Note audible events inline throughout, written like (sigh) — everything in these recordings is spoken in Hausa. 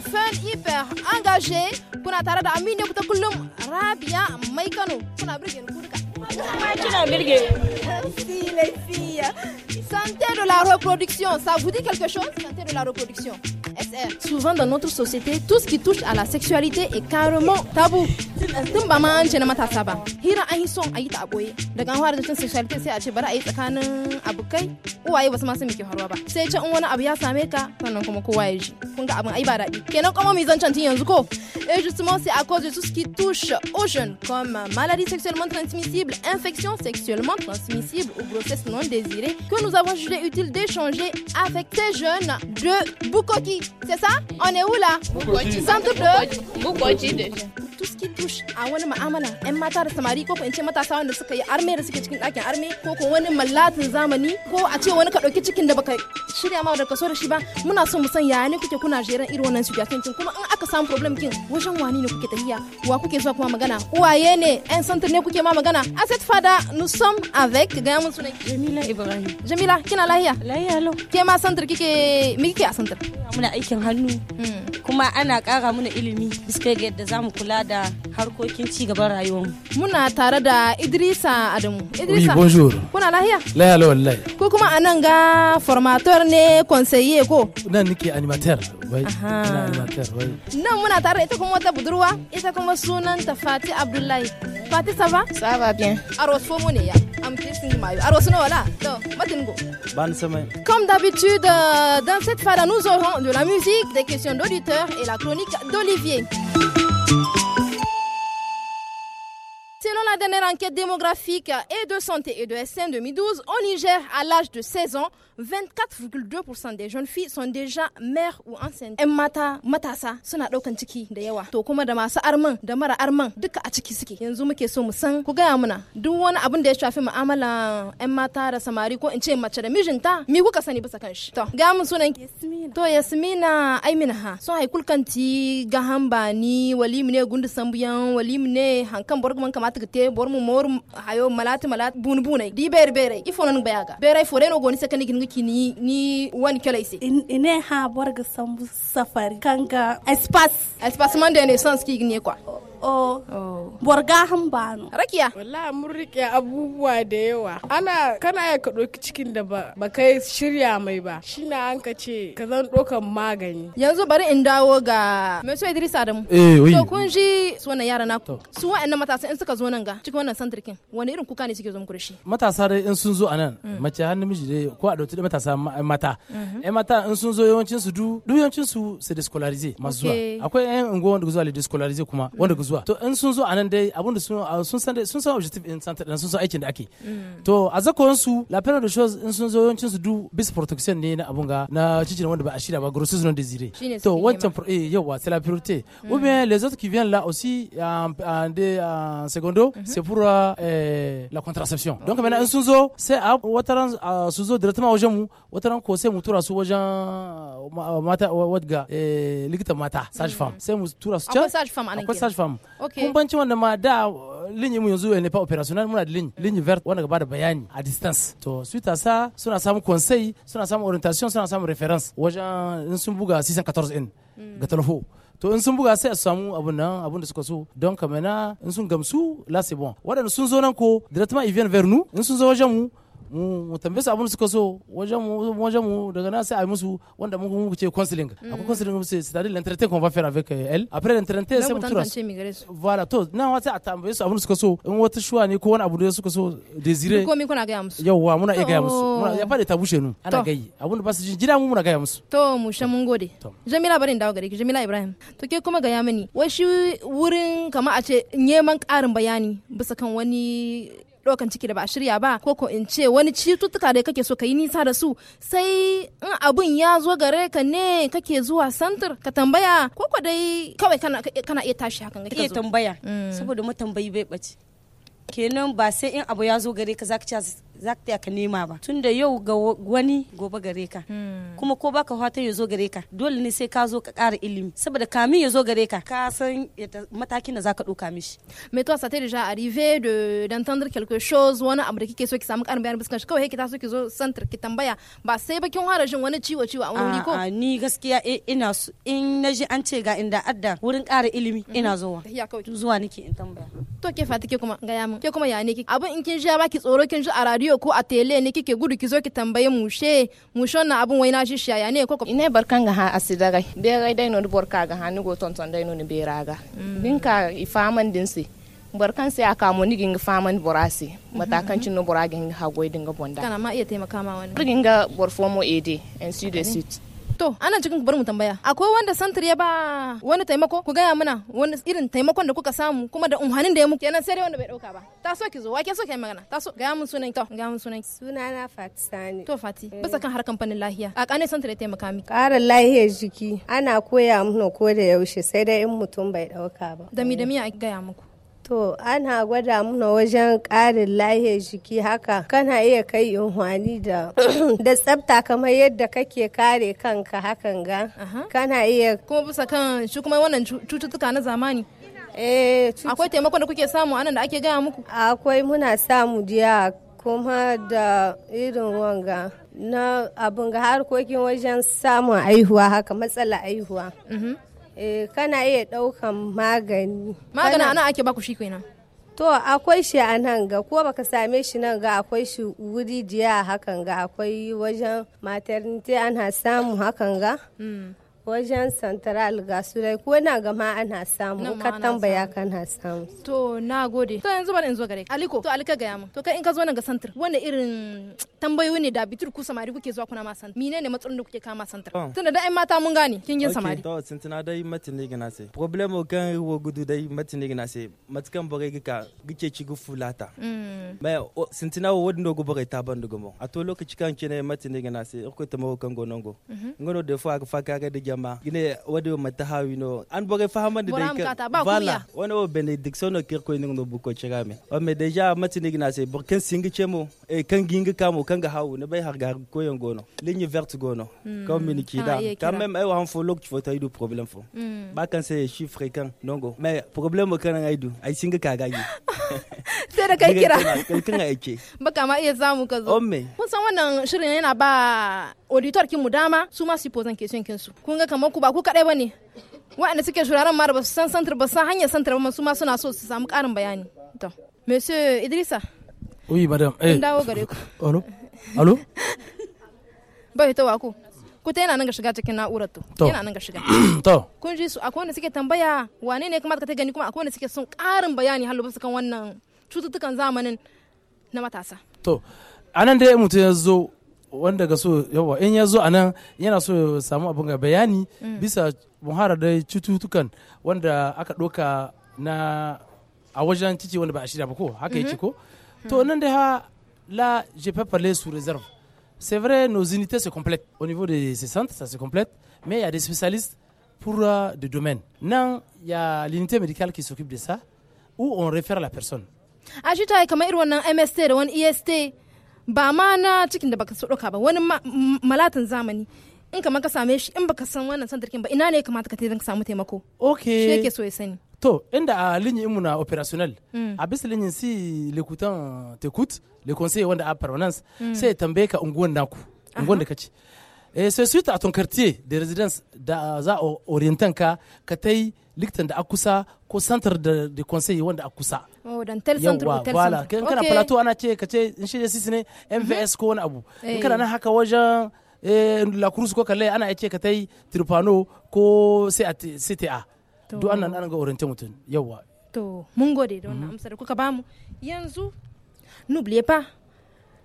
hyper fun hyper engagé pour tare da aminu ku kullum rabia mai kano kuna birge ni kurka kina merci les filles santé de la reproduction ça vous dit quelque chose santé de la reproduction Souvent dans notre société, tout ce qui touche à la sexualité est carrément tabou. Et justement, c'est à cause de tout ce qui touche aux jeunes, comme maladies sexuellement transmissibles, infections sexuellement transmissibles ou grossesses non désirées, que nous avons jugé utile d'échanger avec ces jeunes de Bukoki. C'est ça On est où là Centre de tout ce qui touche à wani ma'amala en mata da samari ko in ce matasa wanda suka yi arme da suke cikin ɗakin arme ko ko wani mallatin zamani ko a ce wani ka ɗauki cikin da baka shirya ma da kaso da shi ba muna so mu san yaya ne kuke kuna jeran irin wannan situation kin kuma in aka samu problem kin wajen wani ne kuke tafiya wa kuke zuwa kuma magana uwaye ne yan santar ne kuke ma magana a fada nous sommes avec ga mun sunan Jamila Ibrahim Jamila kina lahiya lahiya lo ke ma santar kike mi kike a santar muna aiki aikin hannu mm. kuma ana ƙara mana ilimi bisa ga yadda za mu kula da harkokin ci gaban rayuwarmu. Muna tare da Idrisa Adamu. Idrisa. Oui, bonjour. Kuna lahiya? Lahiya la wallahi. Ko kuma a nan ga formateur ne conseiller ko? Nan nake animateur. Wai. animateur wai. Nan muna tare da ita kuma wata budurwa, ita kuma sunanta Fati Abdullahi. Fati Saba? Saba bien. A Rosfomo ne ya. Bonne semaine. Comme d'habitude, euh, dans cette fin-là, nous aurons de la musique, des questions d'auditeurs et la chronique d'Olivier la dernière enquête démographique et de santé et de SN 2012, au Niger, à l'âge de 16 ans, 24,2% des jeunes filles sont déjà mères ou enceintes. En mata matasa suna daukan ciki da yawa. To kuma da masu arman da mara arman duka a ciki suke. Yanzu muke so mu san ku gaya muna duk wani abin da ya shafi amala, 'yan mata ra samari ko in ce mace da mijinta mi kuka sani bisa kan To ga mu sunan To Yasmina Aiminaha sun haikulkanti ga hambani walimine gundu sambuyan walimine hankan borgman kamata ka ke bor mu mor hayo malati malat bun bune di ber bere ifonon bayaga bere fo no goni sekani gin kini ni wan kala ise ine ha borga sambu safari kanga espace espace man de naissance ki gni quoi o borga han bano rakiya wallahi mun rike abubuwa da yawa ana kana ya ka doki cikin da ba ba kai shirya mai ba shine an ka ce ka zan dokan magani yanzu bari in dawo ga mai so Idris Adamu eh wai to kun ji sunan yara na su wa'annan matasa in suka zo nan ga cikin wannan kin wani irin kuka ne suke zo muku da shi matasa dai in sun zo anan mm. mace har namiji dai ko a dauki matasa eh, mata mm-hmm. eh mata in sun zo yawancin su du yawancin su su discolarize masu zuwa akwai ƴan unguwa wanda zuwa le discolarize kuma wanda zuwa to in sun zo anan dai abin da sun san sun san objective in san sun san aikin da ake to a zakon su la période de choses in sun zo yawancin su du bis protection ne na abunga na cikin wanda ba a shirya ba grossesse non désirée to wancan eh yawa c'est la priorité ou bien les autres qui viennent là aussi en en secondo c'est pour la contraception donc maintenant in sun zo sai a wataran su zo directement wajen mu wataran ko sai mu tura su wajen mata wadga likitan mata sage femme sai mu tura su can akwai sage femme anan akwai sage femme okay. kun banci wanda ma da mu ne vert wanda gaba da bayani a distance to su ça suna samu conseil suna samu orientation suna samu reference wajen in sun buga 614 n hmm. ga talho to in sun buga sai samu abun nan abun da suka so don kamena in sun gamsu la c'est bon a sun zo nan ko directement ils viennent vers nous sun mu tambaye dit abin suka so wajen mu daga sai a musu wanda c'est mm. l'entretien qu'on va faire avec eh, elle après l'entretien sai mutura voilà to na a dit su abin suka so in wata shuwa ne ko wani desire ko me kuna ga musu yawa muna ga musu muna ya fada tabushe nu ana abin da su jira ga musu to mu sha Jamila barin dawo gare ki Jamila Ibrahim to ke kuma ga ya mani wai shi wurin kamar a ce neman karin bayani bisa kan ɗaukan ciki da ba a shirya ba ko ko in ce wani cututtuka da kake so ka yi nisa da su sai in abun ya zo gare ka ne kake zuwa santir ka tambaya ko ko dai kawai kana iya tashi hakan ka iya tambaya mm. saboda matambayi bai bace kenan ba sai in abu ya zo gare ka ka ci za ka ka nema ba tun da yau ga wani gobe gare ka hmm. kuma ko baka fatan ya zo gare ka dole ne sai ka zo ka ƙara ilimi saboda kamin ya zo gare ka ka san matakin da za ka ɗauka mishi. Mais to ça t'est déjà arrivé de d'entendre quelque chose wani abu da kike so ki samu ƙarin bayani biskan kawai ki so ki zo santar ki tambaya ba sai ba kin fara jin wani ciwo ciwo a wani ko. ni gaskiya eh, ina in na an ce ga inda adda wurin ƙara ilimi mhm. ina zowa. Zuwa nake in tambaya. To ke fata ke kuma gaya min ke kuma ya ne ki abin in kin ji ba ki tsoro kin ji a radio yau ko a tele ne kike gudu ki zo ki tambaye mu she mu mushe na abun wai na shi shaya ne ko ine barkan ga ha be berai dai no ni borka ga ha ni go ton ton dai no ni beraga binka mm. ifaman si barkan sai aka mu ni ginga faman borasi mhm. matakan cin no boragin ha goidin ga bonda kana ma iya taimaka ma wani ginga borfo mo ede and see the suit to ana cikin ku bari mu tambaya akwai wanda santir ya ba wani taimako ku gaya mana wani irin taimakon da kuka samu kuma da unhanin da ya muku kenan sai dai wanda bai dauka ba ta so ki zo wake so ki magana ta so gaya mun sunan to gaya mun sunan sunana Fatisani to Fati bisa kan har kamfanin lahiya a kane santir ya taimaka mi karin lahiyar jiki ana koya mun ko da yaushe sai dai in mutum bai dauka ba da mi da mi a gaya muku To ana gwada muna wajen ƙarin lahiyar jiki haka kana iya kai inhwani da (coughs) da tsafta kamar yadda kake kare kanka hakan ga kana iya kuma bisa kan shi kuma wannan cututtuka na zamani eh, akwai taimakon da kuke samu anan da ake gaya muku akwai muna samu diya kuma da irin wanga na abin ga harkokin wajen samun aihuwa haka matsala aihuwa mm-hmm. Eh, kana iya ɗaukan magani magani ana ake baku shi kenan to akwai shi a nan ga ko baka same shi nan ga akwai shi wuri jiya hakan ga akwai wajen maternity ana samu hakan ga hmm. wajen central ga surai ko na gama ana samu ka tambaya na samu to na gode to yanzu bari in zo gare aliko to alika gaya mu to kai in ka zo nan ga santar wanda irin tambayoyi ne da bitur ku samari kuke zuwa kuna ma santar mine ne matsalolin da kuke kama santar oh. tunda da ai mata mun gane kin yin samari to sintina dai matin ne gina sai problem kan wo gudu dai matin ne gina sai matkan bare gika gike ci gu fulata hmm. mai sintina wo wadin dogo bare ta ban dogo mo a to lokaci kan kine matin ne gina sai akwai ta kan gonongo mhm. ngono da fa ka ga da kama gine wadi mata ha wino an boge fahama de ka wala wona benediction no kirko ni no buko chegame o me deja matini gina se ken singi chemo e kan ginga kamo kan hawo ne bay har ko yon gono ligne verte gono hmm. comme mini kida ah, quand même ay eh, wan fo lok fo tay du problème fo hmm. ba kan se chiffre kan nongo mais problème kan ay i ay singa ka sai da kai kira zamu san wannan shirin ba auditor kin mu dama su ma su posan question kin su kun ga kamar ku ba ku kadai bane waɗanda suke shuraren ma ba su san santar ba san hanyar santar ba su ma suna so su samu karin bayani to monsieur Idrissa oui madame eh dawo gare ku allo allo (laughs) ba ita wa ku ku ta yana nan ga shiga cikin na'urar to yana nan ga shiga (clears throat) to kun ji su akwai wanda suke tambaya wane ne kamar ka ta gani kuma akwai wanda suke son karin bayani halu su kan wannan cututtukan zamanin na matasa to anan dai mutum ya zo wanda ga so yawa in ya zo a nan yana so samu abin ga bayani mm. bisa muhara da cututtukan wanda aka ɗauka na a wajen ciki wanda ba a shirya ba ko haka yake mm-hmm. ko to mm-hmm. nan da ha la je peux parler sous réserve c'est vrai nos unités se complètent au niveau des ces centres ça se complète mais il y a des spécialistes pour euh, des domaines non il y a l'unité médicale qui s'occupe de ça où on réfère la personne ah, a kamar irin wannan MST da wani EST ba ma na cikin da baka so ɗauka ba wani malatin zamani in kamar ka same shi in baka san wannan santarkin ba ina ne kamata ka tafi ka samu taimako okay shi yake so ya sani to inda a ah, linyi imu na operational mm. a bisa linyi si lekutan tekut le conseil wanda a permanence mm. sai tambaye ka unguwan naku unguwan da kace eh sai suite a ton quartier de résidence da za a orientan ka ka tai likitan da akusa ko santar da, de conseil wanda akusa oh, dan tel centre yawa wala kan kana plateau ana ce ka ce in shi sisi ne mvs mhm. ko wani abu in eh. kana nan haka wajen eh, la cruz ko kalle ana ce ka tai tripano ko cta duk annan an ga oriente mutum yawa to mun gode don, wannan amsar kuka bamu yanzu n'oubliez pas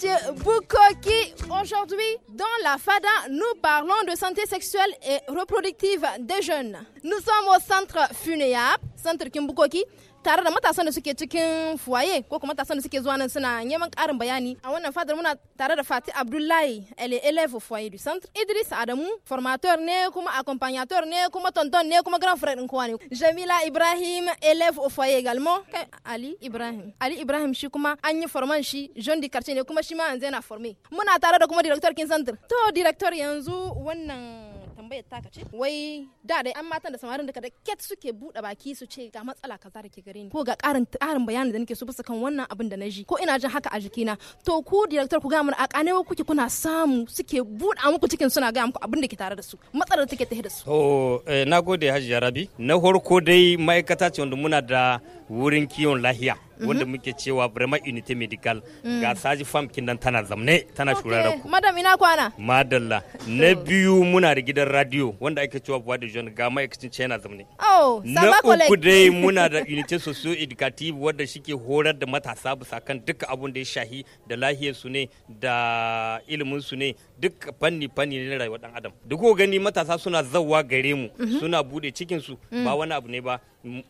Monsieur Boukoki. Aujourd'hui, dans la FADA, nous parlons de santé sexuelle et reproductive des jeunes. Nous sommes au centre FUNEAP, centre Kimbukoki, tare da matasan da suke cikin fuwaye ko kuma matasan da suke zuwa nan suna neman ƙarin bayani a wannan fadar muna tare da Fati Abdullahi ele élève fuwaye du centre Idris Adamu formateur ne kuma accompagnateur ne kuma tonton ne kuma grand frère din kowa ne Jamila Ibrahim élève au foyer également Ali Ibrahim Ali Ibrahim shi kuma an yi forman shi jean du quartier ne kuma shi ma yanzu yana formé muna tare da kuma director kin centre to director yanzu wannan tambayar taka ce wai da dai an matan da samarin da da ket suke buɗe baki su ce ga matsala kaza da ke gare ni ko ga ƙarin ƙarin bayanin da nake so bisa kan wannan abin da na ji ko ina jin haka a jikina to ku director ku ga mana a kanewa kuke kuna samu suke buɗa muku cikin suna ga muku abin da ke tare da su matsalar da take ta da su to eh, nagode Hajiya Rabi na farko dai ma'aikata ce wanda muna da wurin kiwon lahiya wanda mhm. muke cewa Brema Unity Medical mm. ga Saji Farm kinan tana zamne tana shuraren ku. Madam ina kwana? Madalla. Na biyu muna da gidan radio wanda ake cewa Buwa john ga ma'aikacin China zamne. Oh, Na uku dai (laughs) muna da Unity Socio Educative wanda shike horar da matasa bisa kan duka abun da ya shahi da lahiyar su ne da ilimin su ne duk fanni fanni ne na rayuwar dan adam duk ko gani matasa suna zawwa gare mu mhm. suna bude cikin su ba mm. wani abu ne ba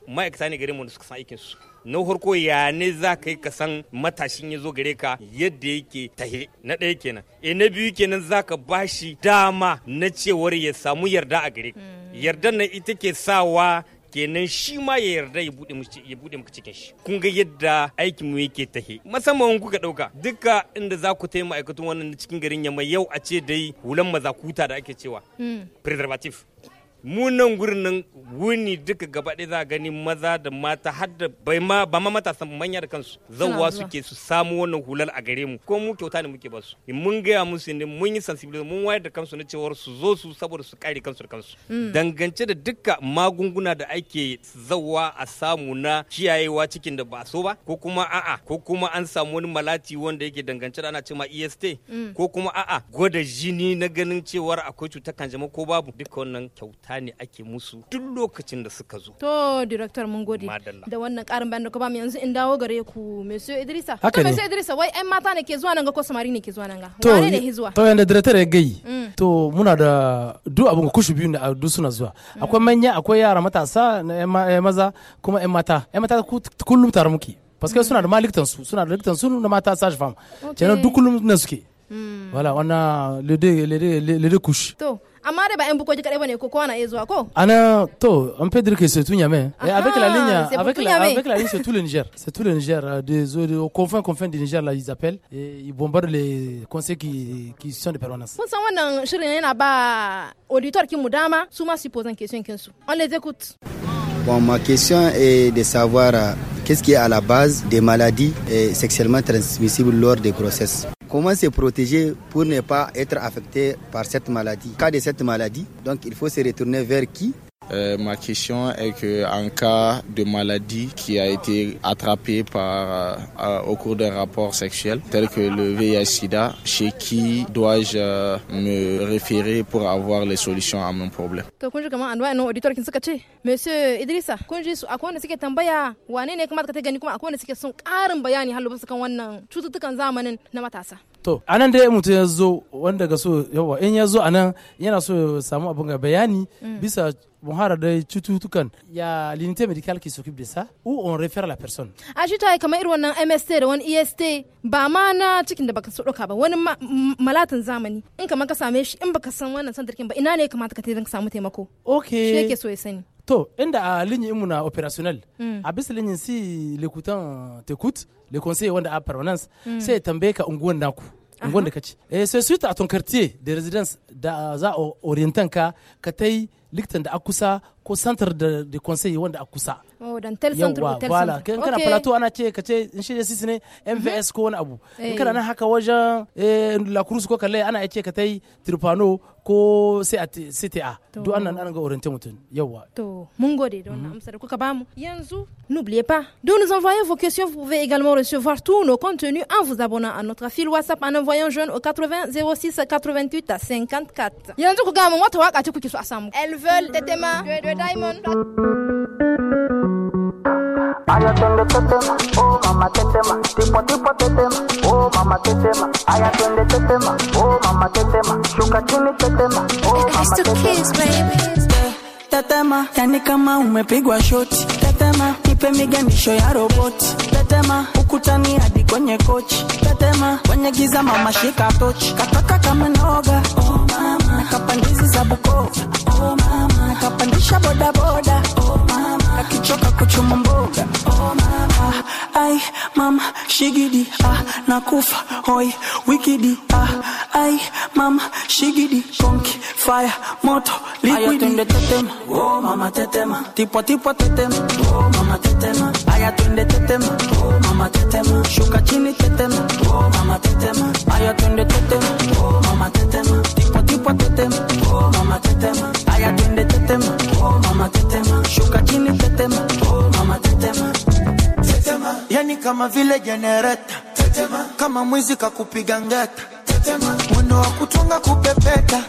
ma'aikata ne gare mu da suka san aikin su na farko ya ne za ka ka san matashin ya zo gare ka yadda yake tahe na ɗaya kenan e na biyu kenan za ka bashi dama na cewar ya samu yarda a gare ka mm. yardan nan ita ke sawa kenan shi ma ya yarda ya bude muku ya bude cikin shi kun ga yadda aikin mu yake tahe musamman kuka dauka duka inda za ku taimaka ma'aikatan wannan cikin garin yamma yau a ce dai hulan kuta da ake cewa hmm. preservative munan nan nan wuni duka gaba ɗaya za gani maza da mata har da bai ma ba ma matasa manya da kansu zawwa suke su samu wannan hular a gare mu ko mu kyauta ne muke basu mun gaya musu ne mun yi sensibility mun wayar da kansu na cewar su zo su saboda su kare kansu da kansu mm. dangance da duka magunguna da ake zawwa a samu na kiyayewa cikin da ba so ba ko kuma a'a ko kuma an samu wani malati wanda yake dangance da ana cewa EST mm. ko kuma a'a gwada jini na ganin cewar akwai cutar kanjama ko babu duka wannan kyauta kyauta ne ake musu duk lokacin da suka zo. To, Director mun gode da wannan karin bayan da ku ba mu yanzu in dawo gare ku Monsieur Idrisa. Haka ne. Monsieur Idrisa wai ƴan mata ne ke zuwa nan ga ko samari ne ke zuwa nan ga. To, ne zuwa? To, yanda Director ya gayi. Mm. To, muna da duk abin kushi biyu ne duk suna zuwa. Mm. Akwai manya, akwai yara matasa, maza, kuma ƴan mata. ƴan mata kullum tare muke. Paske mm. suna da su, suna da su na mata sa sashi fam. Kenan duk kullum na suke. Wala wannan a les deux, les deux, les deux couches. To, Amare ba embuko jikare bane ko ko ana ezo ko Ana to on peut dire que c'est tout Niamey et eh, avec la ligne avec la, avec la ligne c'est tout le Niger c'est tout le Niger euh, des aux confins, confins du Niger là ils appellent et ils bombardent les conseils qui qui sont de permanence on san wannan shirin yana ba auditor ki mu dama su ma su posan question kinsu on les écoute ma question est de savoir euh, qu'est-ce qui est à la base des maladies euh, sexuellement transmissibles lors des grossesses. Comment se protéger pour ne pas être affecté par cette maladie Cas de cette maladie, donc il faut se retourner vers qui euh, ma question est que en cas de maladie qui a été attrapée par, euh, euh, au cours d'un rapport sexuel, tel que le VIH/SIDA, chez qui dois-je me référer pour avoir les solutions à mon problème Monsieur Idrissa, to anan dai mutum ya zo wanda ga so yawa in ya zo anan yana so ya samu abin ga bayani mm. bisa muhara da cututtukan ya linite medical ki s'occupe de ça ou on refer la personne a shi ta kamar irin wannan MST da wani EST ba ma na cikin da baka so doka ba wani malatin zamani in kamar ka same shi in baka san wannan sandarkin ba ina ne kamata ka tafi samu taimako okay shi yake so ya sani to inda a linyi imuna operational mm. a bisa linyin si l'écoutant t'écoute le conseil wanda à permanence c'est hmm. un tambaye ka un naku unguwan da kace eh suite ton quartier de residence da za a orientan ka da akusa ko center de conseil wanda akusa oh tel centre n'oubliez pas de nous envoyer vos questions vous pouvez également recevoir tous nos contenus en vous abonnant à notre fil WhatsApp en envoyant jeune au 80 06 88 54 elles veulent aya twende tetema, oh mama tetema, tipo tipo tetema, oh mama tetema, aya twende tetema, oh mama tetema, shuka chini tetema, oh mama tetema. Tetema, yani kama umepigwa shoti. Tetema, ipe miganisho ya roboti. Tetema, ukutani hadi kwenye kochi. Tetema, kwenye giza mama shika tochi. Kataka kama noga, oh mama, nakapandizi za Bukoba, oh mama, nakapandisha bodaboda, oh nikichoka kuchuma mboga oh mama ai mama shigidi ah nakufa hoi wikidi ah ai mama shigidi konki fire moto liquid twende tetema oh mama tetema tipo tipo tetema oh mama tetema aya twende tetema oh mama tetema kule jenereta kama mwizi kakupiga ngeta mwendo wa kutunga kupepeta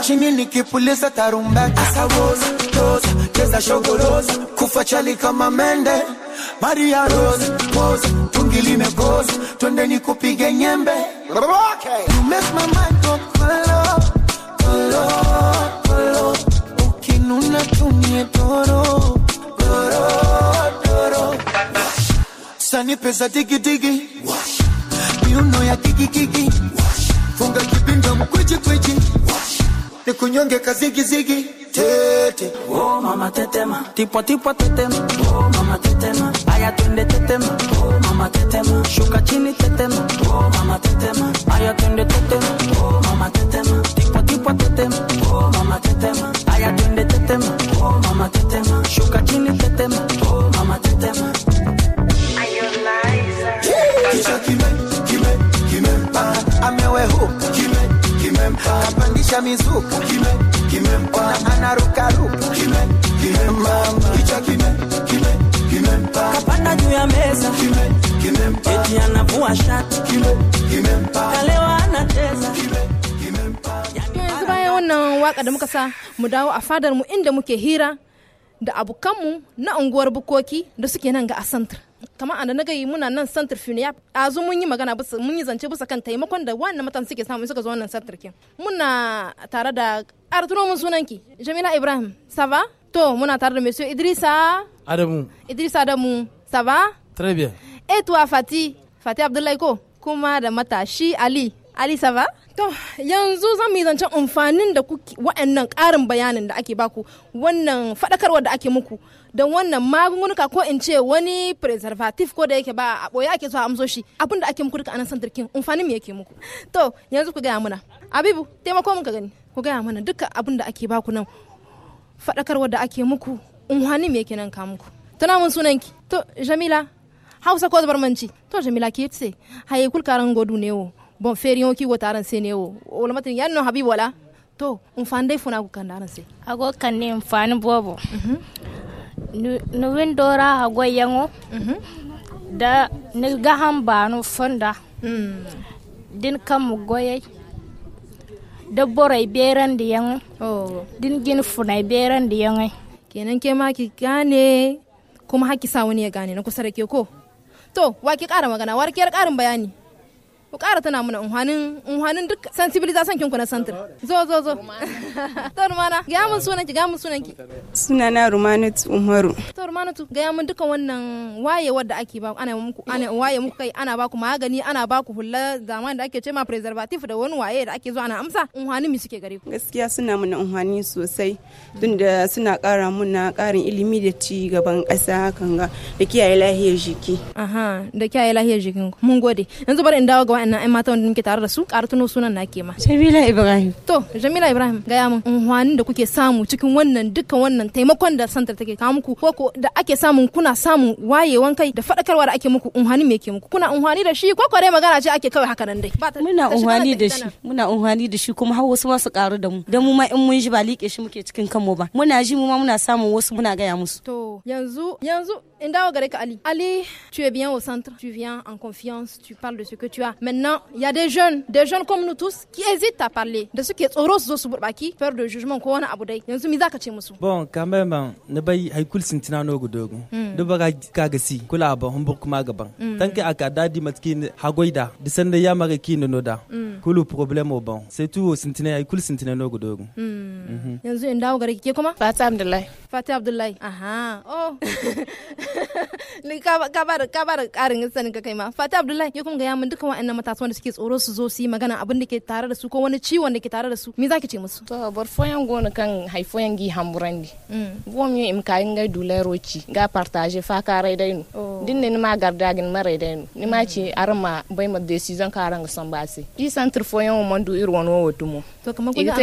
chini nikipuliza tarumbeta keza shogoroza kufa chali kama mende Maria Rose pose tungi limekoza twende nikupige nyembe ukinuna tunie toro pesa ni pesa digidigi miuno ya kikikiki funga kibinda mkwijikwiji ni kunyonge kazigizigi tete oh, mama tetema tipwa tipwa tetema oh, mama tetema aya twende tetema oh, mama tetema shuka chini tetema oh, mama tetema aya twende tetema oh, mama tetema tipwa tipwa tetema mizuka na juu ya meza eti anavua shati kalewa bayan wannan waka da muka sa mu dawo a fadar mu inda muke hira da abokanmu na unguwar bukoki da suke nan ga santra. kamar anda na gayi muna nan santar fune ya zo mun yi magana bisa mun yi zance bisa kan taimakon da wannan matan suke samu suka zo wannan santar kin muna tare da Arturo mun sunanki Jamila Ibrahim sava to muna tare da Monsieur Idrissa Adamu Idrissa Adamu sava très bien et toi Fati Fati Abdullahi ko kuma da matashi Ali Ali ça va? To yanzu zan yi zancen amfanin da kuke wa'annan ƙarin bayanin da ake baku wannan faɗakarwar da ake muku da wannan magungunuka ko in ce wani preservative ko da yake ba a ɓoye ake so a amso shi abin da ake muku duka anan santarkin amfanin me yake muku. To yanzu ku gaya mana. Abibu taimako mun ka gani ku gaya mana duka abin da ake baku nan faɗakarwar da ake muku amfanin me yake nan ka muku. Tana mun sunanki. To Jamila Hausa ko zabarmanci. To Jamila ke ce haye kulkaran godu ne wo. bon feriyo ki wata aran sene wo wala matin yan no habi wala to un fande funa ku kanda aran se ago kanne un bobo mhm. no win dora yango mhm. da ni gahan banu fonda mm. din kam mu goye da borai beran da oh. din gin funai beran da kenan ke ma ki gane kuma haki sa wani ya gane na ke ko to waki ki kara magana war bayani ku ƙara tana mana unhanin unhanin duk sensibilization kinku na center zo zo zo (laughs) to rumana ga mun sunan ki ga mun sunan ki sunana rumanatu umaru to rumanatu ga mun duka wannan waye wadda ake ba ana muku ana waye muku kai ana baku magani ana baku hulla zaman da ake ce ma preservative da wani waye da ake zo ana amsa unhanin mi suke gare ku gaskiya suna mana unhani sosai da suna ƙara muna ƙarin ilimi da ci gaban ƙasa kanga da kiyaye lahiyar jiki aha da kiyaye lahiyar jikin mun gode yanzu bari in dawo ga wa'annan ai mata wanda muke tare da su ƙara tuno sunan na ke ma Jamila Ibrahim to Jamila Ibrahim gaya min unhwanin da kuke samu cikin wannan dukkan wannan taimakon da santar take kawo muku ko ko da ake samun kuna samun wayewan kai da faɗakarwa da ake muku unhwanin me ke muku kuna unhwani da shi ko dai magana ce ake kawai haka nan dai muna unhwani da shi muna unhwani da shi kuma har wasu ma su ƙaru da mu da mu ma in mun ji ba liƙe shi muke cikin kanmu ba muna ji mu ma muna samun wasu muna gaya musu to yanzu yanzu Ndao Garek Ali. Ali, tu es bien au centre, tu viens en confiance, tu parles de ce que tu as. Maintenant, il y a des jeunes, des jeunes comme nous tous, qui hésitent à parler de ce qui est oros zo su peur de jugement qu'on a abu Yanzu mi zaka ce musu? Bon, quand même, hein, ne bai haikul sintina no gudogo. Da hmm. baga kaga si, kula ba humbur kuma gaban. Tanke aka dadi matkin hagoida, da ya mara kin no Kulu hmm. problème au bon. C'est tout au sintina haikul sintina no gudogo. Hmm. Mhm. Yanzu Ndao Garek ke kuma? Fatih Abdullahi. Fatih Abdullahi. Aha. Ah. Oh. (laughs) ni ka ba karin sanin ka kai ma fata abdullahi ya kuma gaya min dukkan wa'annan matasa wanda suke tsoro su zo su yi magana abin da ke tare da su ko wani ciwon da ke tare da su me zaki ce musu to bar foyan gona kan haifoyan gi ne gom mm. yo im kayin ga dulai roci ga partage fa ka rai dai oh. din ne ma gin mare dai ni ma ce mm. arma bai ma decision ka ran san ba sai i centre foyan mon du irwono wotumo to kamar ku da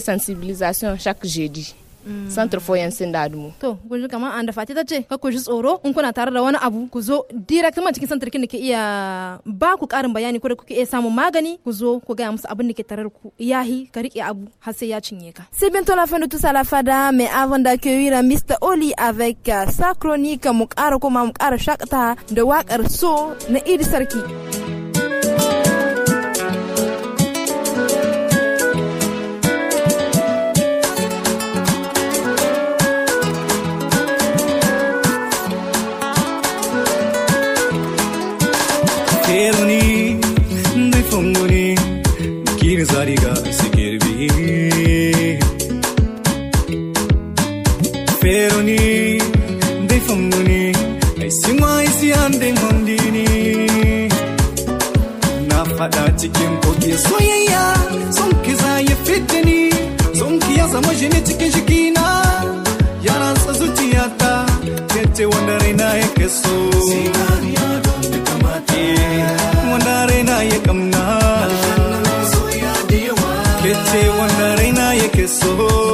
sensibilisation chaque jeudi Mm. santar foyan sin da adumu. To, ji kamar an da fati ta ce, ka ku ji tsoro in kuna tare da wani abu ku zo direct cikin santar da ke iya ba ku karin bayani ko da kuke iya samun magani ku zo ku gaya musu abin da ke tarar ku yahi ka rike abu har sai ya cinye ka. C'est bientôt la fin de tous à la fada mais avant d'accueillir Mr Oli avec euh, sa chronique mu kara kuma mu kara shakata da wakar so na Idi Sarki. खेलनी दुई किन सारी गा सिकिरबी फेरुनी दुई फङ्गुनी ऐसिमा ऐसी आन्दे मन्दिनी na faɗa cikin koke soyayya son ki zaye fitini son ki ya zama shi ne cikin shikina ya rantsa zuciyata ya so. wandaareenaa eegamnaa keettee wandaareenaa eegesoo.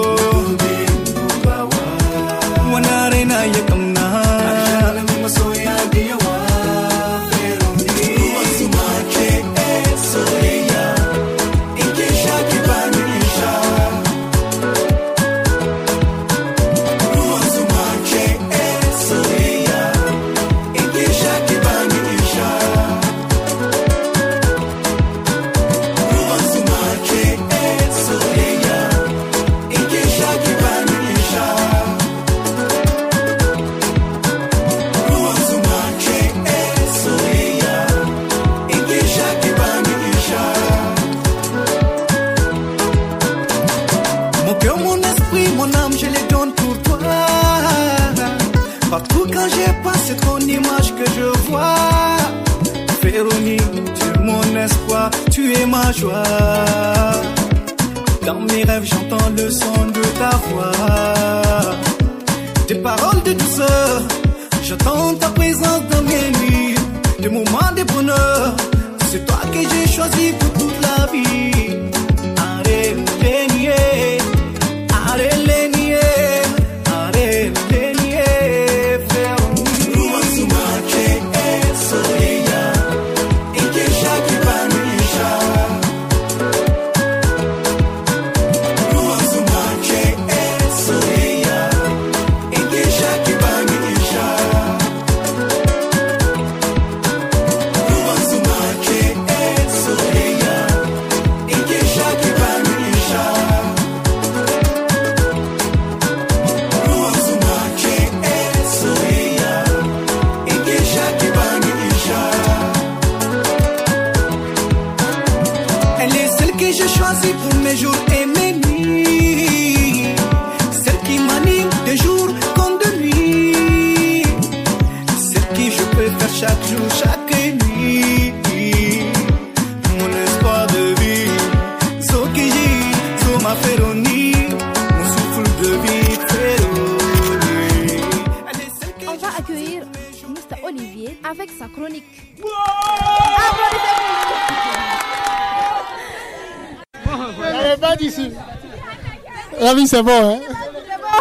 Hein.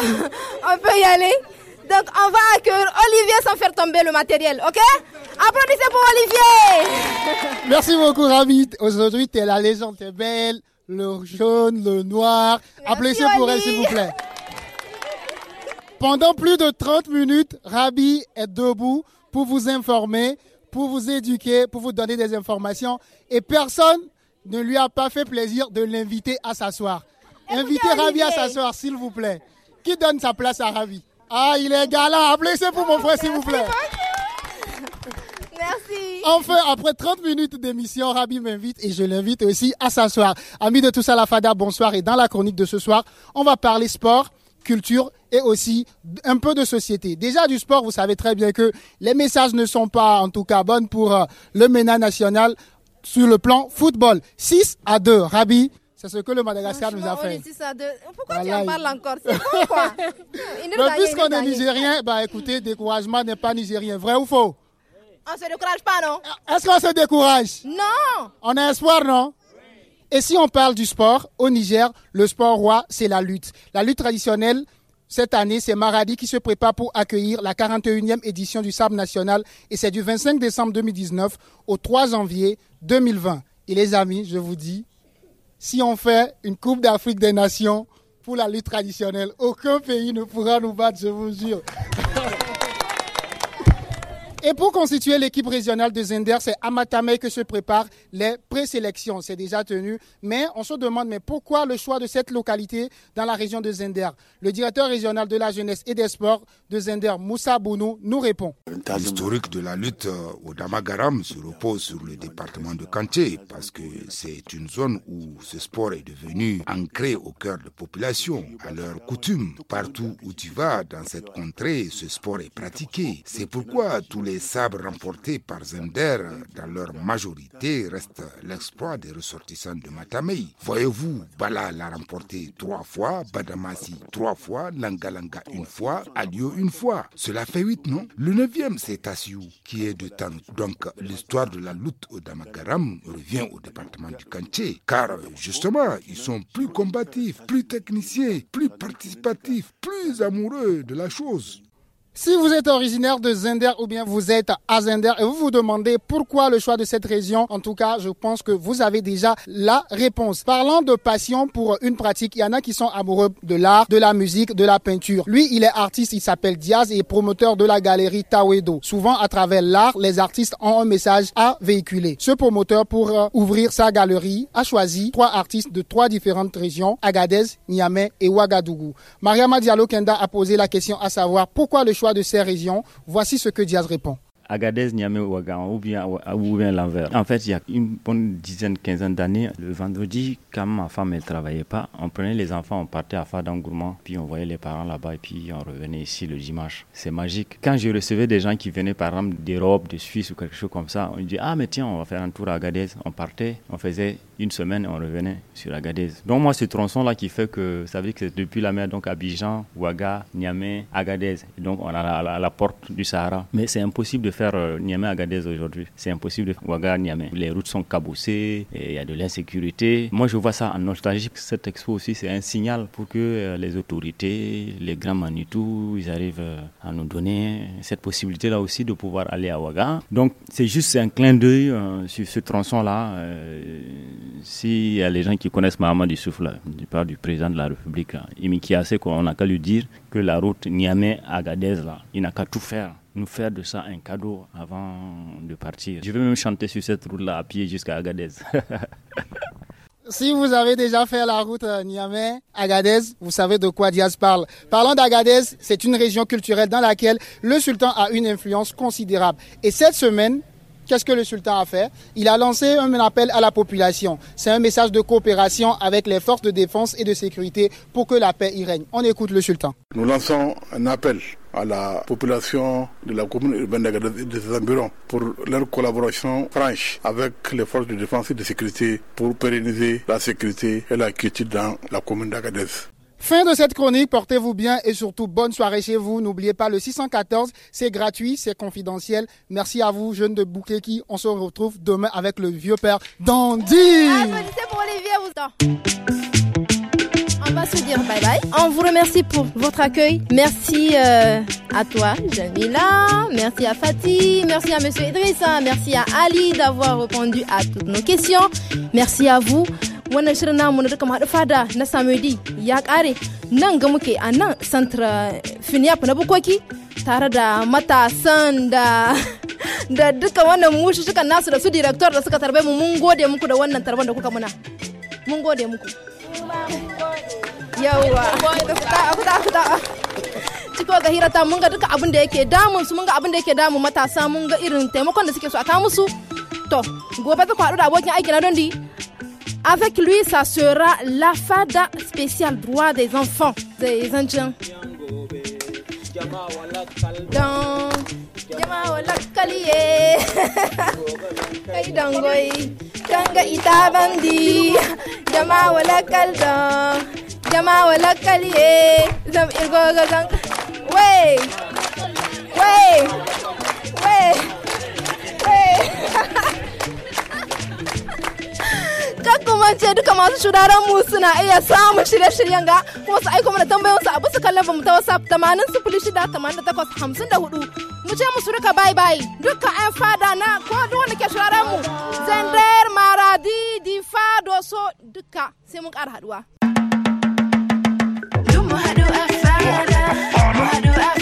On peut y aller. Donc, on va accueillir Olivier sans faire tomber le matériel, ok Applaudissez pour Olivier Merci beaucoup, Rabi Aujourd'hui, t'es la légende, t'es belle. Le jaune, le noir. Applaudissez pour elle, s'il vous plaît. Pendant plus de 30 minutes, Rabi est debout pour vous informer, pour vous éduquer, pour vous donner des informations. Et personne ne lui a pas fait plaisir de l'inviter à s'asseoir. Invitez Ravi à s'asseoir, s'il vous plaît. Qui donne sa place à Ravi Ah, il est galant. Applaudissez pour mon frère, s'il vous plaît. Merci. Enfin, après 30 minutes d'émission, Ravi m'invite et je l'invite aussi à s'asseoir. Amis de tous à la Fada, bonsoir. Et dans la chronique de ce soir, on va parler sport, culture et aussi un peu de société. Déjà du sport, vous savez très bien que les messages ne sont pas en tout cas bonnes pour euh, le MENA national sur le plan football. 6 à 2, Rabi, c'est ce que le Madagascar nous a fait. Pourquoi tu en parles encore C'est (laughs) puisqu'on est nigérien, bah écoutez, découragement n'est pas nigérien. Vrai ou faux On se décourage pas, non ah, Est-ce qu'on se décourage Non On a espoir, non et si on parle du sport, au Niger, le sport roi, c'est la lutte. La lutte traditionnelle, cette année, c'est Maradi qui se prépare pour accueillir la 41e édition du Sable National et c'est du 25 décembre 2019 au 3 janvier 2020. Et les amis, je vous dis, si on fait une Coupe d'Afrique des Nations pour la lutte traditionnelle, aucun pays ne pourra nous battre, je vous jure. Et pour constituer l'équipe régionale de Zender, c'est à que se préparent les présélections. C'est déjà tenu, mais on se demande mais pourquoi le choix de cette localité dans la région de Zender Le directeur régional de la jeunesse et des sports de Zender, Moussa Bounou, nous répond. L'historique de la lutte euh, au Damagaram se repose sur le département de Kanté parce que c'est une zone où ce sport est devenu ancré au cœur de la population, à leurs coutumes. Partout où tu vas dans cette contrée, ce sport est pratiqué. C'est pourquoi tous les les sabres remportés par Zender dans leur majorité restent l'exploit des ressortissants de Matamei. Voyez-vous, Bala l'a remporté trois fois, Badamasi trois fois, Langalanga une fois, Alio une fois. Cela fait huit, non Le neuvième, c'est Tassiou qui est de temps Donc, l'histoire de la lutte au Damagaram revient au département du Kanché, car justement, ils sont plus combatifs, plus techniciens, plus participatifs, plus amoureux de la chose. Si vous êtes originaire de Zender ou bien vous êtes à Zender et vous vous demandez pourquoi le choix de cette région, en tout cas, je pense que vous avez déjà la réponse. Parlant de passion pour une pratique, il y en a qui sont amoureux de l'art, de la musique, de la peinture. Lui, il est artiste, il s'appelle Diaz et est promoteur de la galerie Tawedo. Souvent, à travers l'art, les artistes ont un message à véhiculer. Ce promoteur, pour euh, ouvrir sa galerie, a choisi trois artistes de trois différentes régions, Agadez, Niamey et Ouagadougou. Mariama Diallo Kenda a posé la question à savoir pourquoi le choix de ces régions, voici ce que Diaz répond. Agadez, Niamey, Ouagan, ou bien, ou bien l'envers. En fait, il y a une bonne dizaine, quinzaine d'années, le vendredi, quand ma femme ne travaillait pas, on prenait les enfants, on partait à Fadangourman, puis on voyait les parents là-bas, et puis on revenait ici le dimanche. C'est magique. Quand je recevais des gens qui venaient, par exemple, d'Europe, de Suisse ou quelque chose comme ça, on dit Ah, mais tiens, on va faire un tour à Agadez. On partait, on faisait une semaine, on revenait sur Agadez. Donc moi, ce tronçon-là qui fait que, ça veut dire que c'est depuis la mer, donc Abidjan, Ouaga, Niamey, Agadez. donc on a la, la, porte du Sahara. Mais c'est impossible de faire euh, Niamey-Agadez aujourd'hui. C'est impossible de faire Ouaga-Niamey. Les routes sont cabossées, il y a de l'insécurité. Moi, je vois ça en nostalgie. Cette expo aussi, c'est un signal pour que euh, les autorités, les grands Manitou, ils arrivent euh, à nous donner cette possibilité-là aussi de pouvoir aller à Ouaga. Donc c'est juste un clin d'œil sur ce tronçon-là s'il y a les gens qui connaissent Mahama du Souffle, du part du président de la République, hein, quoi on n'a qu'à lui dire que la route Niamey-Agadez, là, il n'a qu'à tout faire nous faire de ça un cadeau avant de partir. Je vais même chanter sur cette route-là à pied jusqu'à Agadez. (laughs) si vous avez déjà fait la route euh, Niamey-Agadez, vous savez de quoi Diaz parle. Parlant d'Agadez, c'est une région culturelle dans laquelle le sultan a une influence considérable. Et cette semaine, Qu'est-ce que le sultan a fait Il a lancé un appel à la population. C'est un message de coopération avec les forces de défense et de sécurité pour que la paix y règne. On écoute le sultan. Nous lançons un appel à la population de la commune urbaine d'Agadez et de ses environs pour leur collaboration franche avec les forces de défense et de sécurité pour pérenniser la sécurité et la quiétude dans la commune d'Agadez. Fin de cette chronique, portez-vous bien et surtout bonne soirée chez vous. N'oubliez pas le 614, c'est gratuit, c'est confidentiel. Merci à vous, jeunes de qui. On se retrouve demain avec le vieux père Dandy. pour On va se dire bye bye. On vous remercie pour votre accueil. Merci euh, à toi, Jamila. Merci à Fatih. Merci à Monsieur Idrissa. Merci à Ali d'avoir répondu à toutes nos questions. Merci à vous. wannan shirin namu na duka haɗu fada na samedi ya ƙare nan ga muke a nan santra finiyaf na bukoki tare da matasan da (laughs) da duka wannan suka nasu da su director da suka tarbe mu mun gode muku da wannan tarban da kuka muna mun gode muku yawa kuta ciko ga hirata mun ga duka abin da yake damun su mun ga abin da yake damun matasa mun ga irin taimakon da suke so a ta musu to gobe za ku haɗu da abokin aiki na dondi Avec lui, ça sera la FADA spéciale droit des enfants des Indiens. kakkumance duka masu shuraren mu suna iya samun shirye-shiryen ga kuma su aiko mana tambayoyin su a bisa kallon mu ta WhatsApp 80 06 88 54 mu ce musu duka bye bye duka ayan fada na ko duk wanda ke shuraren mu zender maradi di fado so duka sai mun kara haduwa. Mu haɗu a fada, mu haɗu a